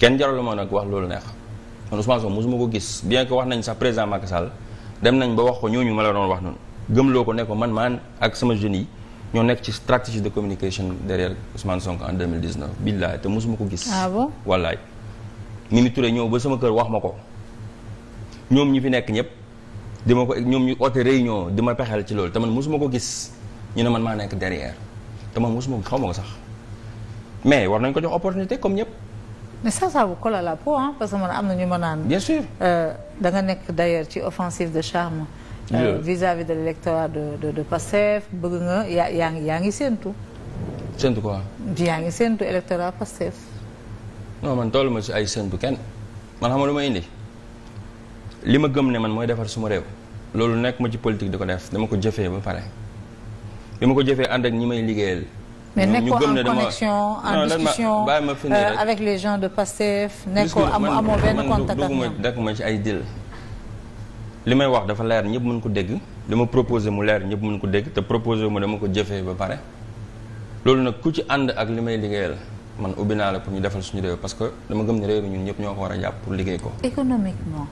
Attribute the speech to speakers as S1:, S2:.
S1: kenn jaralu ma nag wax loolu neex man Ousmane Sonko mosuma ko gis bien que wax nañ sa président Macky Sall dem nañ ba wax ko ñooñu ma la doon wax noonu gëmloo ko ne ko man maan ak sama jeunes yi ñoo nekk ci stratégie de communication derrière Ousmane Sonko en 2019 billaay te mosuma ko gis. ah bon wallaay. Mimi Touré ñëw ba sama kër wax ma ko ñoom ñi fi nekk ñëpp ma ko ñoom ñu oote réunion di ma pexeel ci loolu te man mosuma ko gis ñu ne man maa nekk derrière te man mosuma ko xaw ma sax mais war nañ ko jox opportunité comme ñëpp.
S2: mais ça ça vous colle la peau parce que man am na ñu ma naan. bien sûr euh, da nekk d' ci offensive de charme. Euh, vis-à-vis de l'électorat de de bëgg nga yaa yaa ngi yaa ngi séentu. séentu quoi. yaa ngi séentu électorat Pastef.
S1: non man toolu ma si ay séentu kenn man xam nga lu ma indi li ma gëm ne man mooy defar suma réew. loolu nekk ma ci politique di ko def dama ko jëfee ba pare bi ma ko jëfee ànd ak ñi may liggéeyal. mais nekkoo en connexion
S2: en discussion euh, avec les gens de PASTEF. nekkoo amoo benn contact ak ñoom
S1: duguma ci ay dil li may wax dafa leer ñëpp mën ko dégg dama ma mu leer ñëpp mën ko dégg te proposé mu dama ko jëfee ba pare loolu nag ku ci ànd ak li may liggéeyal man ubbi naa la pour ñu defal suñu réew parce que dama gëm ne réew mi ñun ñëpp ñoo ko war a jàpp pour liggéey ko
S2: économiquement